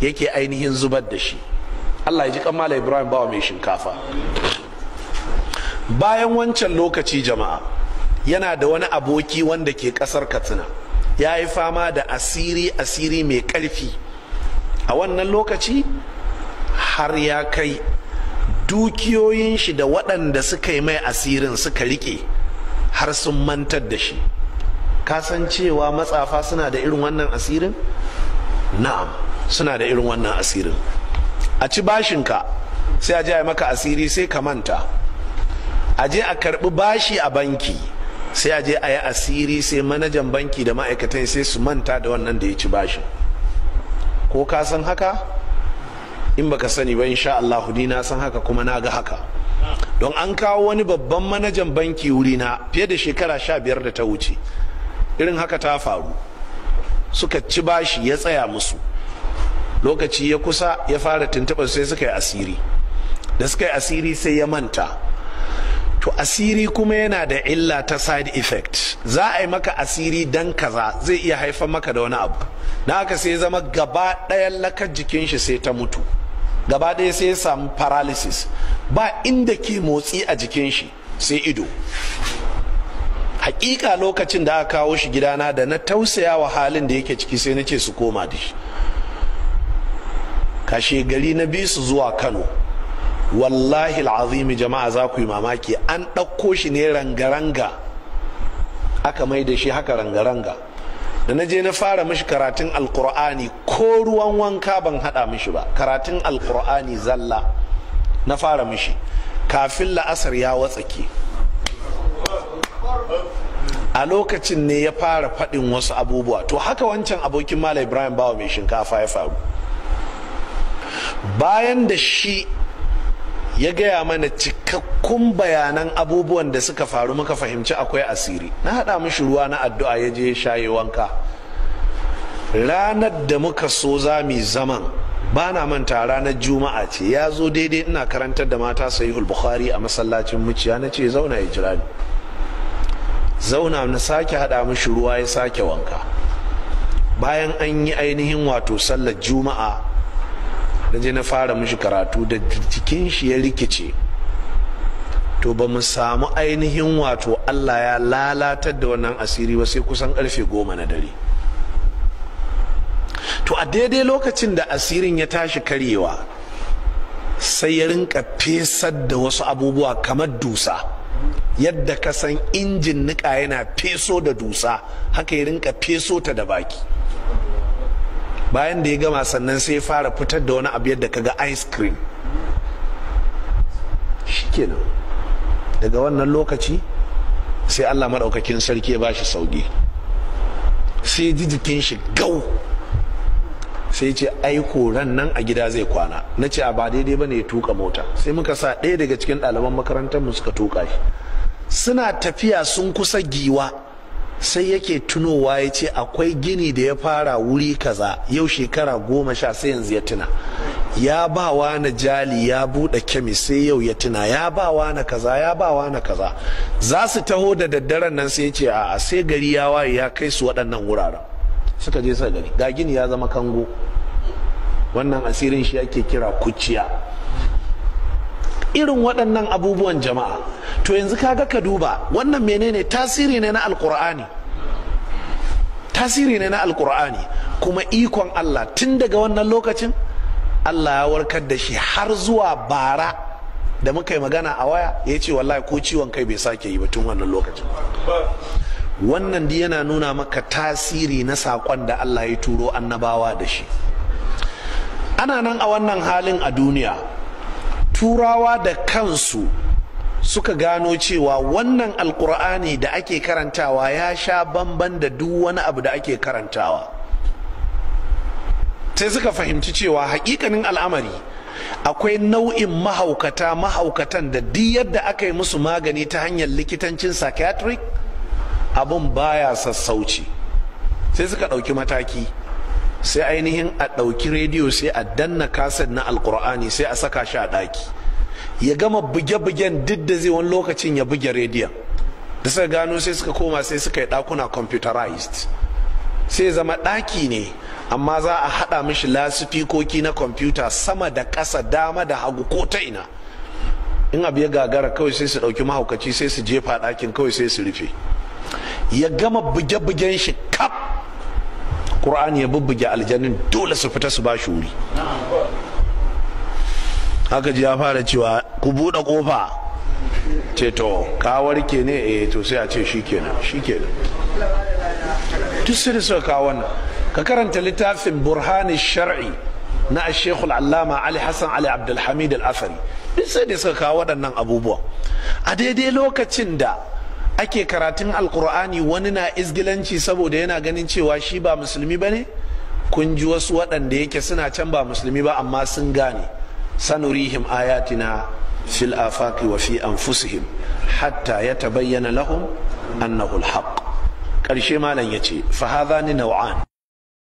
yake ainihin zubar da shi allah ya ji kammala ibrahim bawa mai shinkafa bayan wancan lokaci jama'a yana da wani aboki wanda ke kasar katsina ya yi fama da asiri asiri mai ƙarfi. a wannan lokaci har ya kai dukiyoyin shi da waɗanda suka yi mai asirin suka rike har sun mantar da shi kasancewa matsafa suna da irin wannan asirin na'am suna da irin wannan asirin a ci bashinka sai a je maka asiri sai ka manta a je a karbi bashi a banki sai a je a yi asiri sai manajan banki da ma'aikatan sai su manta da wannan da ya ci bashin ko ka san haka in baka sani ba insha Allah hudi na san haka kuma na ga haka don an kawo wani babban manajan banki wurina fiye da shekara sha biyar da ta wuce irin haka ta faru suka ci bashi ya tsaya musu lokaci ya kusa ya fara tuntuɓar sai suka yi asiri da suka yi asiri sai ya manta to asiri kuma yana da illa ta side effect za a yi maka asiri dan kaza zai iya haifar maka da wani abu na haka sai zama gaba ɗayan lakar jikin shi sai ta mutu gaba ɗaya sai samu paralysis ba inda ke motsi a jikin shi sai ido hakika lokacin da aka kawo shi gidana da na tausaya wa halin da yake ciki sai na ce su koma da shi kashe gari na biyu su zuwa kano wallahi al'azimi jama'a za ku yi mamaki an ɗauko shi ne rangaranga aka mai da shi haka rangaranga da na je na fara mishi karatun alkur'ani ko ruwan wanka ban haɗa mishi ba karatun alkur'ani zalla na fara mishi kafin la'asar ya watsake a lokacin ne ya fara faɗin wasu abubuwa to haka wancan abokin mala ibrahim bawa mai shinkafa ya faru bayan da shi ya gaya mana cikakkun bayanan abubuwan da suka faru muka fahimci akwai asiri na haɗa mishi ruwa na addu'a ya je shaye wanka ranar da muka so za mu zaman ba na manta ranar juma'a ce ya zo daidai ina karantar da mata sayi bukhari a masallacin muciya na ce zauna ya jira ni zauna na sake haɗa mishi ruwa ya sake wanka bayan an yi ainihin wato sallar juma'a na je na fara mishi karatu da jikin shi ya rikice to ba mu samu ainihin wato Allah ya lalatar da wannan asiri ba sai kusan karfe goma na dare to a daidai lokacin da asirin ya tashi karyewa sai ya rinka fesar da wasu abubuwa kamar dusa yadda ka san injin niƙa yana feso da dusa haka ya rinka feso ta da baki bayan da ya gama sannan sai ya fara fitar da wani abu yadda kaga ice cream shikenan daga wannan lokaci sai Allah maɗaukakin sarki ya bashi sauki sai ji jikin shi gau sai ce aiko ran nan a gida zai kwana na ce a ba daidai ba ne ya tuka mota sai muka sa ɗaya daga cikin ɗaliban makarantar mu suka tuka shi suna tafiya sun kusa giwa sai yake tunowa ya ce akwai gini da ya fara wuri kaza yau shekara goma sha sai yanzu ya tuna ya ba wa na jali ya buɗe kemi sai yau ya tuna ya ba wa na kaza ya ba wa na kaza za su taho da daddaren nan sai ce a sai gari ya waye ya kai su waɗannan wuraren suka je gari ga gini ya zama kango wannan asirin shi ake kira kuciya irin waɗannan abubuwan jama'a to yanzu kaga ka duba wannan menene tasiri ne na alkur'ani tasiri ne na alkur'ani kuma ikon allah tun daga wannan lokacin allah ya warkar da shi har zuwa bara da muka yi magana a waya ya ce wallahi ko ciwon kai bai sake yi ba tun wannan lokacin wannan di yana nuna maka tasiri na saƙon da allah ya turo annabawa da shi ana nan a wannan halin a duniya turawa da kansu suka gano cewa wannan alkur'ani da ake karantawa ya sha bamban da duk wani abu da ake karantawa sai suka fahimci cewa hakikanin al'amari akwai nau'in mahaukata mahaukatan da duk yadda aka yi musu magani ta hanyar likitancin psychiatric abin baya sassauci sai suka ɗauki mataki sai ainihin a ɗauki rediyo sai a danna kaset na alkur'ani sai a saka shi a ɗaki ya gama buge-bugen duk da zai wani lokacin ya buge rediyon da suka gano sai suka koma sai suka yi ɗakuna computerized sai zama ɗaki ne amma za a haɗa mishi lasifikoki na kwamfuta sama da ƙasa dama da hagu ko ta ina in abu ya gagara kawai sai su ɗauki mahaukaci sai su jefa ɗakin kawai sai su rufe ya gama buge-bugen shi kaf Kur'an ya bubbuge aljanun dole su fita su ba shi wuri haka ji ya fara cewa ku buɗe ƙofa ce to ka ne eh to sai a ce shikenan shikenan duk sai da suka kawo wannan ka karanta littafin burhani shar'i na Sheikh Al-Allama Ali Hassan Ali Abdulhamid Al-Athari duk sai da suka kawo waɗannan abubuwa a daidai lokacin da ake karatun alkur'ani wani na izgilanci saboda yana ganin cewa shi ba musulmi ba ne kun ji wasu waɗanda yake suna can ba musulmi ba amma sun gane sanurihim ayatina fil afaqi wa fi anfusihim hatta bayyana lahum annahu alhaq karshe malam yace fa hadha ni naw'an